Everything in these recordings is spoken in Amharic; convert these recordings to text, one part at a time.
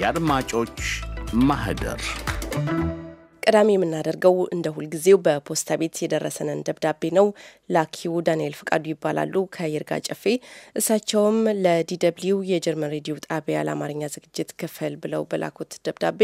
የአድማጮች ማህደር ቀዳሚ የምናደርገው እንደ ሁልጊዜው በፖስታ ቤት የደረሰንን ደብዳቤ ነው። ላኪው ዳንኤል ፍቃዱ ይባላሉ ከይርጋ ጨፌ። እሳቸውም ለዲደብሊው የጀርመን ሬዲዮ ጣቢያ ለአማርኛ ዝግጅት ክፍል ብለው በላኩት ደብዳቤ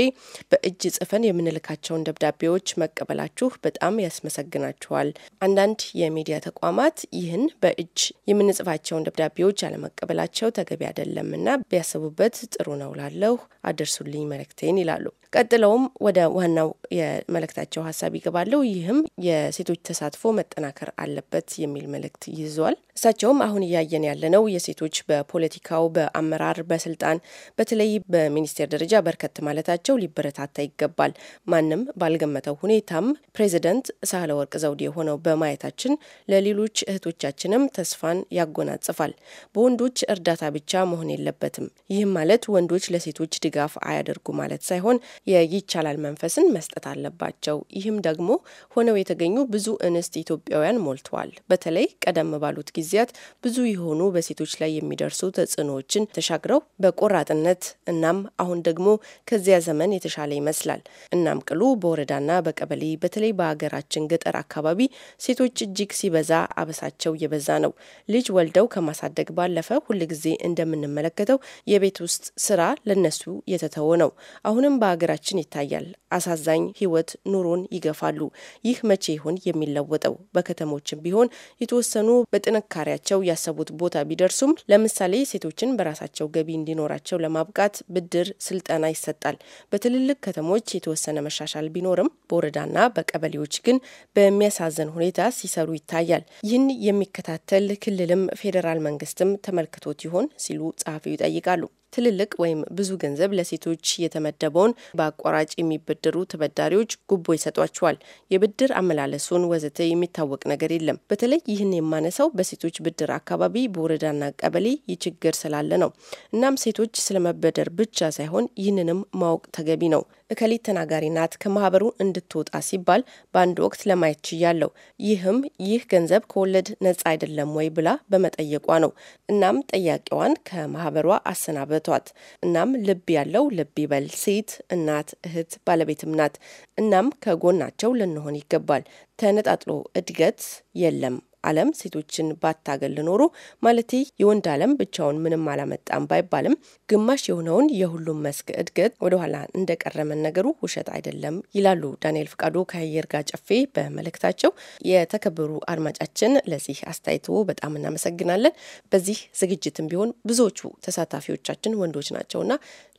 በእጅ ጽፈን የምንልካቸውን ደብዳቤዎች መቀበላችሁ በጣም ያስመሰግናችኋል። አንዳንድ የሚዲያ ተቋማት ይህን በእጅ የምንጽፋቸውን ደብዳቤዎች አለመቀበላቸው ተገቢ አይደለምና ቢያስቡበት ጥሩ ነው ላለሁ አደርሱልኝ መልእክቴን ይላሉ። ቀጥለውም ወደ ዋናው የመልእክታቸው ሀሳብ ይገባለው። ይህም የሴቶች ተሳትፎ መጠናከር አለበት የሚል መልእክት ይዟል። እሳቸውም አሁን እያየን ያለነው የሴቶች በፖለቲካው፣ በአመራር፣ በስልጣን በተለይ በሚኒስቴር ደረጃ በርከት ማለታቸው ሊበረታታ ይገባል። ማንም ባልገመተው ሁኔታም ፕሬዚደንት ሳህለወርቅ ዘውዴ የሆነው በማየታችን ለሌሎች እህቶቻችንም ተስፋን ያጎናጽፋል። በወንዶች እርዳታ ብቻ መሆን የለበትም። ይህም ማለት ወንዶች ለሴቶች ድጋፍ አያደርጉ ማለት ሳይሆን የይቻላል መንፈስን መስጠት አለባቸው። ይህም ደግሞ ሆነው የተገኙ ብዙ እንስት ኢትዮጵያውያን ሞልተዋል። በተለይ ቀደም ባሉት ጊዜያት ብዙ የሆኑ በሴቶች ላይ የሚደርሱ ተጽዕኖዎችን ተሻግረው በቆራጥነት እናም አሁን ደግሞ ከዚያ ዘመን የተሻለ ይመስላል። እናም ቅሉ በወረዳና በቀበሌ በተለይ በሀገራችን ገጠር አካባቢ ሴቶች እጅግ ሲበዛ አበሳቸው የበዛ ነው። ልጅ ወልደው ከማሳደግ ባለፈ ሁልጊዜ እንደምንመለከተው የቤት ውስጥ ስራ ለነሱ የተተወ ነው። አሁንም በሀገራ በሀገራችን ይታያል። አሳዛኝ ህይወት ኑሮን ይገፋሉ። ይህ መቼ ይሆን የሚለወጠው? በከተሞችም ቢሆን የተወሰኑ በጥንካሬያቸው ያሰቡት ቦታ ቢደርሱም፣ ለምሳሌ ሴቶችን በራሳቸው ገቢ እንዲኖራቸው ለማብቃት ብድር፣ ስልጠና ይሰጣል። በትልልቅ ከተሞች የተወሰነ መሻሻል ቢኖርም በወረዳና በቀበሌዎች ግን በሚያሳዝን ሁኔታ ሲሰሩ ይታያል። ይህን የሚከታተል ክልልም ፌዴራል መንግስትም ተመልክቶት ይሆን ሲሉ ጸሐፊው ይጠይቃሉ። ትልልቅ ወይም ብዙ ገንዘብ ለሴቶች የተመደበውን በአቋራጭ የሚበደሩ ተበዳሪዎች ጉቦ ይሰጧቸዋል። የብድር አመላለሱን ወዘተ የሚታወቅ ነገር የለም። በተለይ ይህን የማነሳው በሴቶች ብድር አካባቢ በወረዳና ቀበሌ ይችግር ስላለ ነው። እናም ሴቶች ስለመበደር ብቻ ሳይሆን ይህንንም ማወቅ ተገቢ ነው። እከሊት ተናጋሪ ናት ከማህበሩ እንድትወጣ ሲባል በአንድ ወቅት ለማየት ችያለው ይህም ይህ ገንዘብ ከወለድ ነጻ አይደለም ወይ ብላ በመጠየቋ ነው። እናም ጠያቂዋን ከማህበሯ አሰናበቷት። እናም ልብ ያለው ልብ ይበል። ሴት፣ እናት፣ እህት፣ ባለቤትም ናት። እናም ከጎናቸው ልንሆን ይገባል። ተነጣጥሎ እድገት የለም አለም ሴቶችን ባታገል ኖሮ ማለት የወንድ አለም ብቻውን ምንም አላመጣም ባይባልም ግማሽ የሆነውን የሁሉም መስክ እድገት ወደኋላ እንደቀረመን ነገሩ ውሸት አይደለም ይላሉ ዳንኤል ፍቃዱ ከአየር ጋር ጨፌ በመልእክታቸው። የተከበሩ አድማጫችን ለዚህ አስተያየቱ በጣም እናመሰግናለን። በዚህ ዝግጅትም ቢሆን ብዙዎቹ ተሳታፊዎቻችን ወንዶች ናቸውና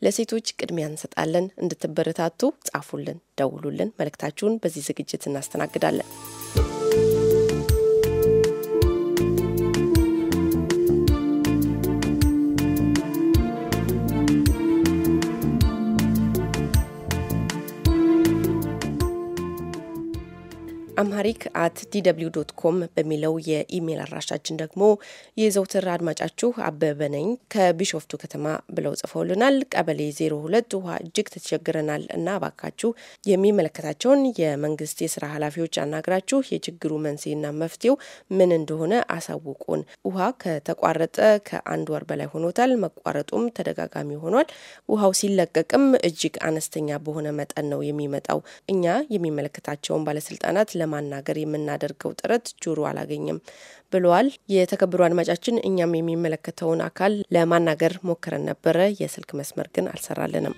ለሴቶች ቅድሚያ እንሰጣለን። እንድትበረታቱ ጻፉልን፣ ደውሉልን። መልእክታችሁን በዚህ ዝግጅት እናስተናግዳለን። አምሃሪክ አት ዲደብሊው ዶት ኮም በሚለው የኢሜይል አድራሻችን ደግሞ የዘውትር አድማጫችሁ አበበ ነኝ ከቢሾፍቱ ከተማ ብለው ጽፈውልናል። ቀበሌ ሁለት ውሃ እጅግ ተቸግረናል እና ባካችሁ የሚመለከታቸውን የመንግስት የስራ ኃላፊዎች አናግራችሁ የችግሩ መንስኤና መፍትሄው ምን እንደሆነ አሳውቁን። ውሃ ከተቋረጠ ከአንድ ወር በላይ ሆኖታል። መቋረጡም ተደጋጋሚ ሆኗል። ውሃው ሲለቀቅም እጅግ አነስተኛ በሆነ መጠን ነው የሚመጣው። እኛ የሚመለከታቸውን ባለስልጣናት ለ ለማናገር የምናደርገው ጥረት ጆሮ አላገኘም ብለዋል። የተከበሩ አድማጫችን፣ እኛም የሚመለከተውን አካል ለማናገር ሞክረን ነበረ። የስልክ መስመር ግን አልሰራልንም።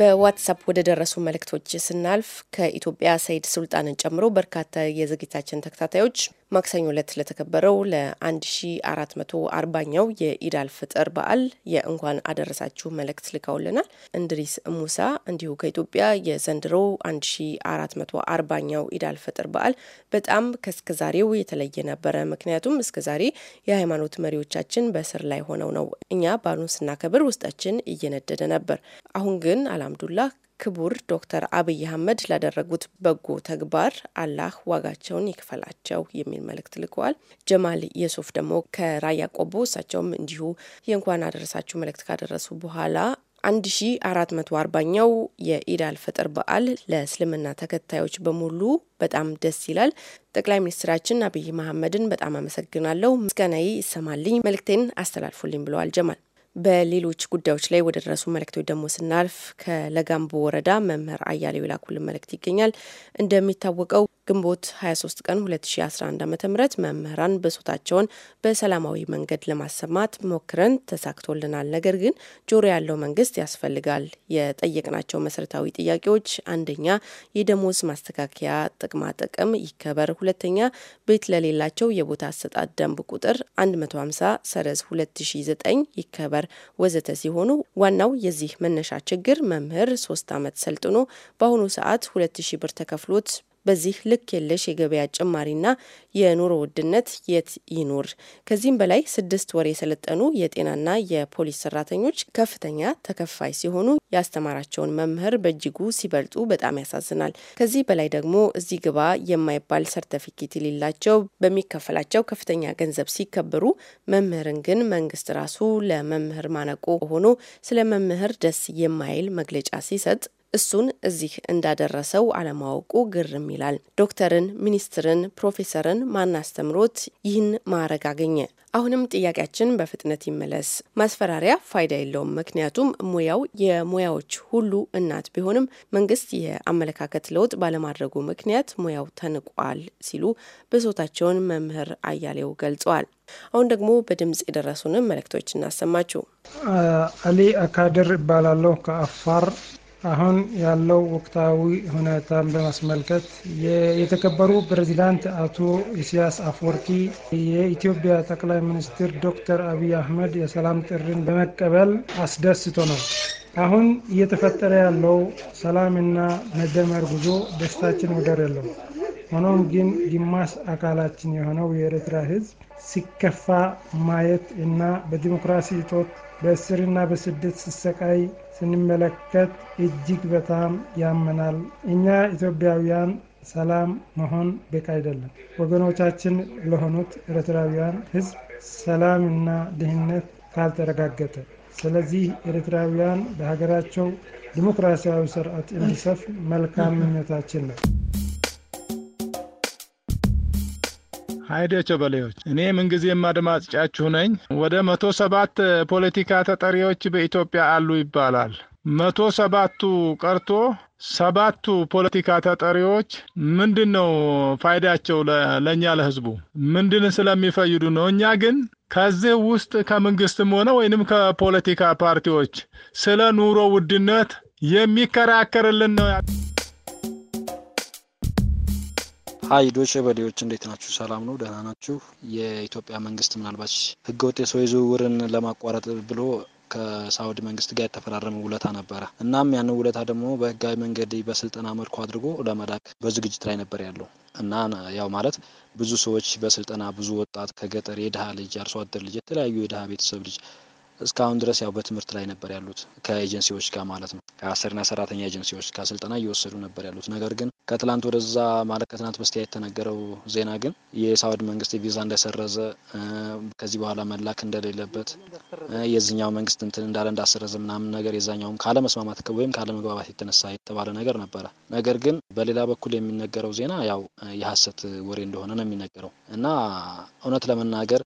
በዋትሳፕ ወደ ደረሱ መልእክቶች ስናልፍ ከኢትዮጵያ ሰይድ ሱልጣንን ጨምሮ በርካታ የዝግጅታችን ተከታታዮች ማክሰኞ ዕለት ለተከበረው ለ1440ኛው የኢዳል ፍጥር በዓል የእንኳን አደረሳችሁ መልእክት ልከውልናል። እንድሪስ ሙሳ እንዲሁ ከኢትዮጵያ የዘንድሮው 1440ኛው ኢዳል ፍጥር በዓል በጣም ከእስከዛሬው የተለየ ነበረ። ምክንያቱም እስከዛሬ የሃይማኖት መሪዎቻችን በስር ላይ ሆነው ነው እኛ በዓሉን ስናከብር ውስጣችን እየነደደ ነበር። አሁን ግን አልሐምዱላህ ክቡር ዶክተር አብይ አህመድ ላደረጉት በጎ ተግባር አላህ ዋጋቸውን ይክፈላቸው የሚል መልእክት ልከዋል። ጀማል የሱፍ ደግሞ ከራያ ቆቦ እሳቸውም እንዲሁ የእንኳን አደረሳችሁ መልእክት ካደረሱ በኋላ 1440ኛው የኢዳል ፍጥር በዓል ለእስልምና ተከታዮች በሙሉ በጣም ደስ ይላል። ጠቅላይ ሚኒስትራችን አብይ መሐመድን በጣም አመሰግናለሁ፣ ምስጋናዬ ይሰማልኝ፣ መልእክቴን አስተላልፉልኝ ብለዋል ጀማል በሌሎች ጉዳዮች ላይ ወደ ደረሱ መልእክቶች ደግሞ ስናልፍ ከለጋምቦ ወረዳ መምህር አያሌው የላኩልን መልእክት ይገኛል። እንደሚታወቀው ግንቦት 23 ቀን 2011 ዓ ም መምህራን ብሶታቸውን በሰላማዊ መንገድ ለማሰማት ሞክረን ተሳክቶልናል። ነገር ግን ጆሮ ያለው መንግስት ያስፈልጋል። የጠየቅናቸው መሰረታዊ ጥያቄዎች አንደኛ የደሞዝ ማስተካከያ ጥቅማ ጥቅም ይከበር፣ ሁለተኛ ቤት ለሌላቸው የቦታ አሰጣጥ ደንብ ቁጥር 150 ሰረዝ 2009 ይከበር ወዘተ ሲሆኑ ዋናው የዚህ መነሻ ችግር መምህር ሶስት ዓመት ሰልጥኖ በአሁኑ ሰዓት 2000 ብር ተከፍሎት በዚህ ልክ የለሽ የገበያ ጭማሪና የኑሮ ውድነት የት ይኑር? ከዚህም በላይ ስድስት ወር የሰለጠኑ የጤናና የፖሊስ ሰራተኞች ከፍተኛ ተከፋይ ሲሆኑ ያስተማራቸውን መምህር በእጅጉ ሲበልጡ በጣም ያሳዝናል። ከዚህ በላይ ደግሞ እዚህ ግባ የማይባል ሰርተፊኬት የሌላቸው በሚከፈላቸው ከፍተኛ ገንዘብ ሲከበሩ፣ መምህርን ግን መንግስት ራሱ ለመምህር ማነቆ ሆኖ ስለ መምህር ደስ የማይል መግለጫ ሲሰጥ እሱን እዚህ እንዳደረሰው አለማወቁ ግርም ይላል። ዶክተርን፣ ሚኒስትርን፣ ፕሮፌሰርን ማናስተምሮት ይህን ማዕረግ አገኘ? አሁንም ጥያቄያችን በፍጥነት ይመለስ። ማስፈራሪያ ፋይዳ የለውም። ምክንያቱም ሙያው የሙያዎች ሁሉ እናት ቢሆንም መንግስት የአመለካከት ለውጥ ባለማድረጉ ምክንያት ሙያው ተንቋል ሲሉ ብሶታቸውን መምህር አያሌው ገልጸዋል። አሁን ደግሞ በድምጽ የደረሱንም መልእክቶች እናሰማችሁ። አሊ አካድር እባላለሁ ከአፋር አሁን ያለው ወቅታዊ ሁኔታን በማስመልከት የተከበሩ ፕሬዚዳንት አቶ ኢሳያስ አፈወርቂ የኢትዮጵያ ጠቅላይ ሚኒስትር ዶክተር አብይ አህመድ የሰላም ጥሪን በመቀበል አስደስቶ ነው። አሁን እየተፈጠረ ያለው ሰላምና መደመር ጉዞ ደስታችን ወደር የለው። ሆኖም ግን ግማሽ አካላችን የሆነው የኤርትራ ሕዝብ ሲከፋ ማየት እና በዲሞክራሲ እጦት በእስርና በስደት ስሰቃይ ስንመለከት እጅግ በጣም ያመናል። እኛ ኢትዮጵያውያን ሰላም መሆን በቂ አይደለም። ወገኖቻችን ለሆኑት ኤርትራውያን ሕዝብ ሰላምና ደህንነት ካልተረጋገጠ ስለዚህ ኤርትራውያን በሀገራቸው ዲሞክራሲያዊ ስርዓት እንዲሰፍ መልካም ምኞታችን ነው። አይደቸው በሌዎች እኔ ምንጊዜም አድማጫችሁ ነኝ። ወደ መቶ ሰባት ፖለቲካ ተጠሪዎች በኢትዮጵያ አሉ ይባላል። መቶ ሰባቱ ቀርቶ ሰባቱ ፖለቲካ ተጠሪዎች ምንድን ነው ፋይዳቸው ለእኛ ለህዝቡ ምንድን ስለሚፈይዱ ነው? እኛ ግን ከዚህ ውስጥ ከመንግስትም ሆነ ወይንም ከፖለቲካ ፓርቲዎች ስለ ኑሮ ውድነት የሚከራከርልን ነው። ሀይ ዶች ቬሌዎች እንዴት ናችሁ? ሰላም ነው? ደህና ናችሁ? የኢትዮጵያ መንግስት ምናልባት ህገወጥ የሰው ዝውውርን ለማቋረጥ ብሎ ከሳውዲ መንግስት ጋር የተፈራረመ ውለታ ነበረ። እናም ያንን ውለታ ደግሞ በህጋዊ መንገድ በስልጠና መልኩ አድርጎ ለመላክ በዝግጅት ላይ ነበር ያለው እና ያው ማለት ብዙ ሰዎች በስልጠና ብዙ ወጣት ከገጠር የድሃ ልጅ አርሶ አደር ልጅ የተለያዩ የድሃ ቤተሰብ ልጅ እስካሁን ድረስ ያው በትምህርት ላይ ነበር ያሉት ከኤጀንሲዎች ጋር ማለት ነው። ከአሰሪና ሰራተኛ ኤጀንሲዎች ጋር ስልጠና እየወሰዱ ነበር ያሉት። ነገር ግን ከትላንት ወደዛ ማለት ከትናንት በስቲያ የተነገረው ዜና ግን የሳውድ መንግስት ቪዛ እንደሰረዘ ከዚህ በኋላ መላክ እንደሌለበት የዚህኛው መንግስት እንትን እንዳለ እንዳሰረዘ ምናምን ነገር የዛኛውም ካለመስማማት ወይም ካለመግባባት የተነሳ የተባለ ነገር ነበረ። ነገር ግን በሌላ በኩል የሚነገረው ዜና ያው የሀሰት ወሬ እንደሆነ ነው የሚነገረው እና እውነት ለመናገር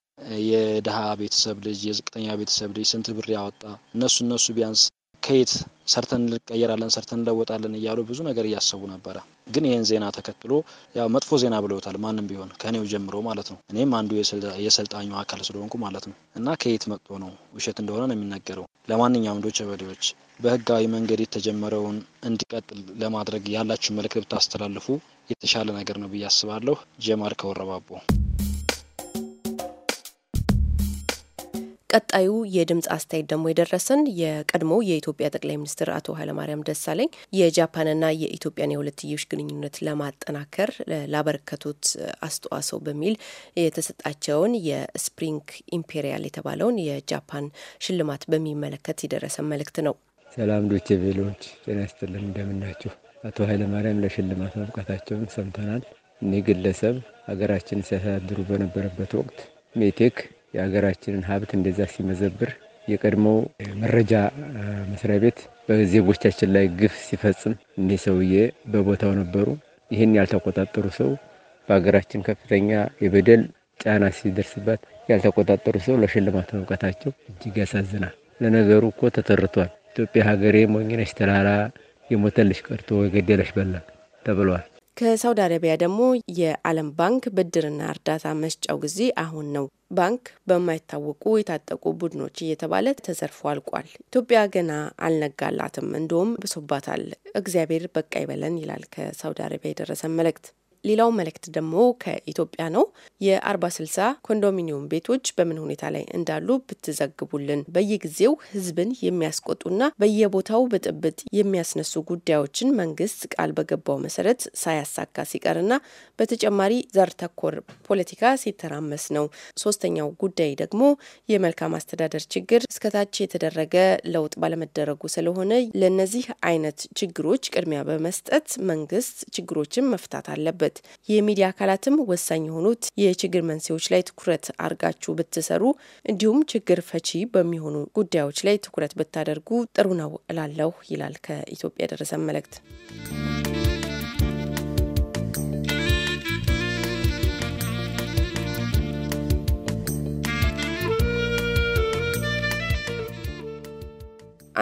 የድሀ ቤተሰብ ልጅ የዝቅተኛ ቤተሰብ ልጅ ስንት ብር ያወጣ እነሱ እነሱ ቢያንስ ከየት ሰርተን እንቀየራለን ሰርተን እንለወጣለን እያሉ ብዙ ነገር እያሰቡ ነበረ። ግን ይህን ዜና ተከትሎ ያው መጥፎ ዜና ብለውታል። ማንም ቢሆን ከኔው ጀምሮ ማለት ነው። እኔም አንዱ የሰልጣኙ አካል ስለሆንኩ ማለት ነው። እና ከየት መጥቶ ነው ውሸት እንደሆነ ነው የሚነገረው። ለማንኛውም ዶች ቬሌዎች በህጋዊ መንገድ የተጀመረውን እንዲቀጥል ለማድረግ ያላችሁ መልእክት ብታስተላልፉ የተሻለ ነገር ነው ብዬ አስባለሁ። ጀማር ከወረባቦ ቀጣዩ የድምፅ አስተያየት ደግሞ የደረሰን የቀድሞ የኢትዮጵያ ጠቅላይ ሚኒስትር አቶ ኃይለማርያም ደሳለኝ የጃፓንና የኢትዮጵያን የሁለትዮሽ ግንኙነት ለማጠናከር ላበረከቱት አስተዋጽኦ በሚል የተሰጣቸውን የስፕሪንግ ኢምፔሪያል የተባለውን የጃፓን ሽልማት በሚመለከት የደረሰን መልእክት ነው። ሰላም ዶቼ ቬሎች ጤና ይስጥልን፣ እንደምናችሁ። አቶ ኃይለማርያም ለሽልማት መብቃታቸውን ሰምተናል። እኒህ ግለሰብ ሀገራችን ሲያሳድሩ በነበረበት ወቅት ሜቴክ የሀገራችንን ሀብት እንደዛ ሲመዘብር የቀድሞው መረጃ መስሪያ ቤት በዜጎቻችን ላይ ግፍ ሲፈጽም እኒህ ሰውዬ በቦታው ነበሩ። ይህን ያልተቆጣጠሩ ሰው በሀገራችን ከፍተኛ የበደል ጫና ሲደርስባት ያልተቆጣጠሩ ሰው ለሽልማት መብቃታቸው እጅግ ያሳዝናል። ለነገሩ እኮ ተተርቷል። ኢትዮጵያ ሀገሬ ሞኝነሽ ተላላ የሞተልሽ ቀርቶ የገደለሽ በላ ተብሏል። ከሳውዲ አረቢያ ደግሞ የዓለም ባንክ ብድርና እርዳታ መስጫው ጊዜ አሁን ነው። ባንክ በማይታወቁ የታጠቁ ቡድኖች እየተባለ ተዘርፎ አልቋል። ኢትዮጵያ ገና አልነጋላትም፣ እንዲሁም ብሶባታል። እግዚአብሔር በቃ ይበለን ይላል ከሳውዲ አረቢያ የደረሰን መልእክት። ሌላው መልእክት ደግሞ ከኢትዮጵያ ነው። የአርባ ስልሳ ኮንዶሚኒየም ቤቶች በምን ሁኔታ ላይ እንዳሉ ብትዘግቡልን። በየጊዜው ህዝብን የሚያስቆጡና በየቦታው ብጥብጥ የሚያስነሱ ጉዳዮችን መንግስት ቃል በገባው መሰረት ሳያሳካ ሲቀርና በተጨማሪ ዘር ተኮር ፖለቲካ ሲተራመስ ነው። ሶስተኛው ጉዳይ ደግሞ የመልካም አስተዳደር ችግር እስከታች የተደረገ ለውጥ ባለመደረጉ ስለሆነ ለነዚህ አይነት ችግሮች ቅድሚያ በመስጠት መንግስት ችግሮችን መፍታት አለበት። አለበት። የሚዲያ አካላትም ወሳኝ የሆኑት የችግር መንስኤዎች ላይ ትኩረት አድርጋችሁ ብትሰሩ፣ እንዲሁም ችግር ፈቺ በሚሆኑ ጉዳዮች ላይ ትኩረት ብታደርጉ ጥሩ ነው እላለሁ ይላል ከኢትዮጵያ የደረሰ መልእክት።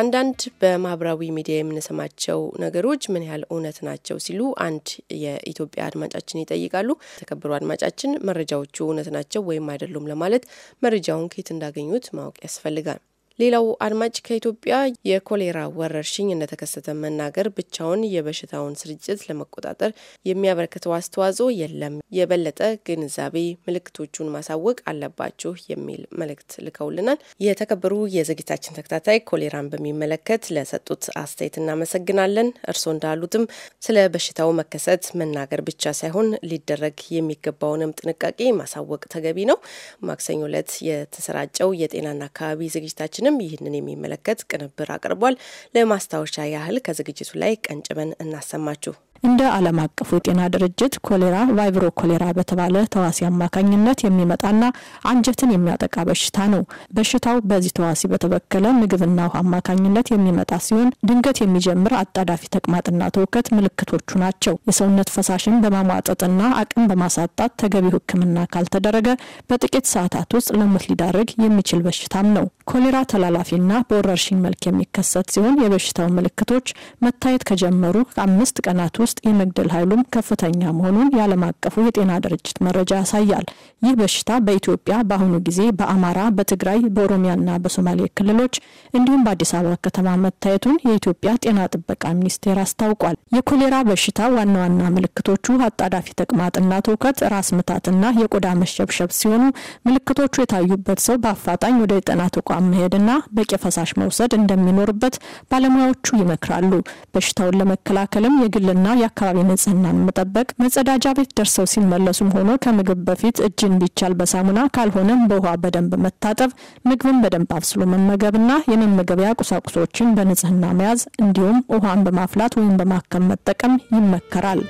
አንዳንድ በማህበራዊ ሚዲያ የምንሰማቸው ነገሮች ምን ያህል እውነት ናቸው ሲሉ አንድ የኢትዮጵያ አድማጫችን ይጠይቃሉ። ተከብሩ አድማጫችን፣ መረጃዎቹ እውነት ናቸው ወይም አይደሉም ለማለት መረጃውን ከየት እንዳገኙት ማወቅ ያስፈልጋል። ሌላው አድማጭ ከኢትዮጵያ የኮሌራ ወረርሽኝ እንደተከሰተ መናገር ብቻውን የበሽታውን ስርጭት ለመቆጣጠር የሚያበረክተው አስተዋጽኦ የለም፣ የበለጠ ግንዛቤ ምልክቶቹን ማሳወቅ አለባችሁ የሚል መልእክት ልከውልናል። የተከበሩ የዝግጅታችን ተከታታይ ኮሌራን በሚመለከት ለሰጡት አስተያየት እናመሰግናለን። እርስዎ እንዳሉትም ስለ በሽታው መከሰት መናገር ብቻ ሳይሆን ሊደረግ የሚገባውንም ጥንቃቄ ማሳወቅ ተገቢ ነው። ማክሰኞ ዕለት የተሰራጨው የጤናና አካባቢ ዝግጅታችን ባልደረባችንም ይህንን የሚመለከት ቅንብር አቅርቧል። ለማስታወሻ ያህል ከዝግጅቱ ላይ ቀንጭበን እናሰማችሁ። እንደ ዓለም አቀፉ ጤና ድርጅት ኮሌራ ቫይብሮ ኮሌራ በተባለ ተዋሲ አማካኝነት የሚመጣና አንጀትን የሚያጠቃ በሽታ ነው። በሽታው በዚህ ተዋሲ በተበከለ ምግብና ውሃ አማካኝነት የሚመጣ ሲሆን ድንገት የሚጀምር አጣዳፊ ተቅማጥና ትውከት ምልክቶቹ ናቸው። የሰውነት ፈሳሽን በማሟጠጥና አቅም በማሳጣት ተገቢው ሕክምና ካልተደረገ በጥቂት ሰዓታት ውስጥ ለሞት ሊዳርግ የሚችል በሽታም ነው። ኮሌራ ተላላፊና በወረርሽኝ መልክ የሚከሰት ሲሆን የበሽታው ምልክቶች መታየት ከጀመሩ አምስት ቀናት ውስጥ የመግደል ኃይሉም ከፍተኛ መሆኑን የዓለም አቀፉ የጤና ድርጅት መረጃ ያሳያል። ይህ በሽታ በኢትዮጵያ በአሁኑ ጊዜ በአማራ፣ በትግራይ፣ በኦሮሚያና በሶማሌ ክልሎች እንዲሁም በአዲስ አበባ ከተማ መታየቱን የኢትዮጵያ ጤና ጥበቃ ሚኒስቴር አስታውቋል። የኮሌራ በሽታ ዋና ዋና ምልክቶቹ አጣዳፊ ተቅማጥና ትውከት፣ ራስ ምታትና የቆዳ መሸብሸብ ሲሆኑ ምልክቶቹ የታዩበት ሰው በአፋጣኝ ወደ ጤና ተቋ ተቋም መሄድና በቂ ፈሳሽ መውሰድ እንደሚኖርበት ባለሙያዎቹ ይመክራሉ። በሽታውን ለመከላከልም የግልና የአካባቢ ንጽህናን መጠበቅ፣ መጸዳጃ ቤት ደርሰው ሲመለሱም ሆኖ ከምግብ በፊት እጅን ቢቻል በሳሙና ካልሆነም በውሃ በደንብ መታጠብ፣ ምግብን በደንብ አብስሎ መመገብና የመመገቢያ ቁሳቁሶችን በንጽህና መያዝ እንዲሁም ውሃን በማፍላት ወይም በማከም መጠቀም ይመከራል።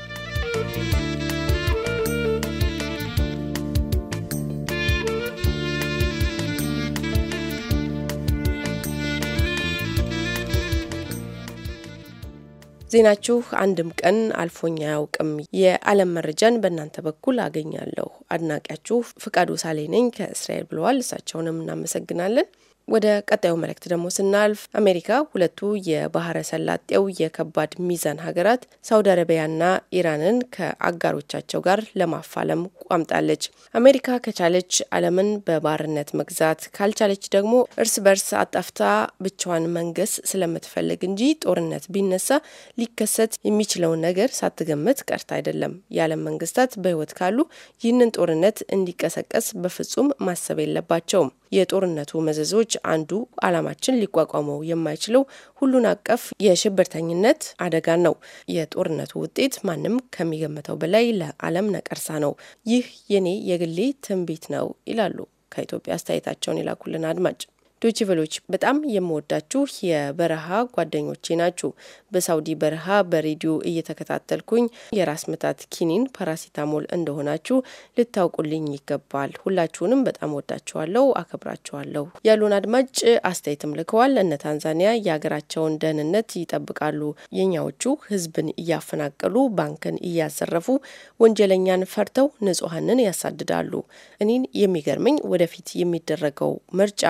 ዜናችሁ አንድም ቀን አልፎኝ አያውቅም። የዓለም መረጃን በእናንተ በኩል አገኛለሁ። አድናቂያችሁ ፍቃዱ ሳሌ ነኝ ከእስራኤል ብለዋል። እሳቸውንም እናመሰግናለን። ወደ ቀጣዩ መልእክት ደግሞ ስናልፍ አሜሪካ ሁለቱ የባህረ ሰላጤው የከባድ ሚዛን ሀገራት ሳውዲ አረቢያና ኢራንን ከአጋሮቻቸው ጋር ለማፋለም ቋምጣለች። አሜሪካ ከቻለች ዓለምን በባርነት መግዛት፣ ካልቻለች ደግሞ እርስ በርስ አጣፍታ ብቻዋን መንገስ ስለምትፈልግ እንጂ ጦርነት ቢነሳ ሊከሰት የሚችለውን ነገር ሳትገምት ቀርታ አይደለም። የዓለም መንግስታት በህይወት ካሉ ይህንን ጦርነት እንዲቀሰቀስ በፍጹም ማሰብ የለባቸውም። የጦርነቱ መዘዞች አንዱ ዓላማችን ሊቋቋመው የማይችለው ሁሉን አቀፍ የሽብርተኝነት አደጋ ነው። የጦርነቱ ውጤት ማንም ከሚገምተው በላይ ለዓለም ነቀርሳ ነው። ይህ የኔ የግሌ ትንቢት ነው ይላሉ ከኢትዮጵያ አስተያየታቸውን የላኩልን አድማጭ። ዶችቨሎች በጣም የምወዳችሁ የበረሃ ጓደኞቼ ናችሁ። በሳውዲ በረሃ በሬዲዮ እየተከታተልኩኝ የራስ ምታት ኪኒን ፓራሲታሞል እንደሆናችሁ ልታውቁልኝ ይገባል። ሁላችሁንም በጣም ወዳችኋለሁ፣ አከብራችኋለሁ ያሉን አድማጭ አስተያየትም ልከዋል። እነ ታንዛኒያ የሀገራቸውን ደህንነት ይጠብቃሉ። የኛዎቹ ህዝብን እያፈናቀሉ ባንክን እያዘረፉ ወንጀለኛን ፈርተው ንጹሐንን ያሳድዳሉ። እኔን የሚገርመኝ ወደፊት የሚደረገው ምርጫ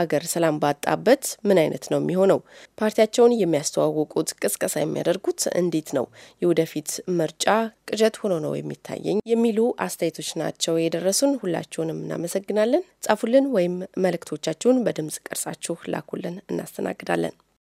አገር ሰላም ባጣበት ምን አይነት ነው የሚሆነው? ፓርቲያቸውን የሚያስተዋውቁት ቅስቀሳ የሚያደርጉት እንዴት ነው? የወደፊት ምርጫ ቅዠት ሆኖ ነው የሚታየኝ የሚሉ አስተያየቶች ናቸው የደረሱን። ሁላችሁንም እናመሰግናለን። ጻፉልን ወይም መልእክቶቻችሁን በድምጽ ቀርጻችሁ ላኩልን፣ እናስተናግዳለን።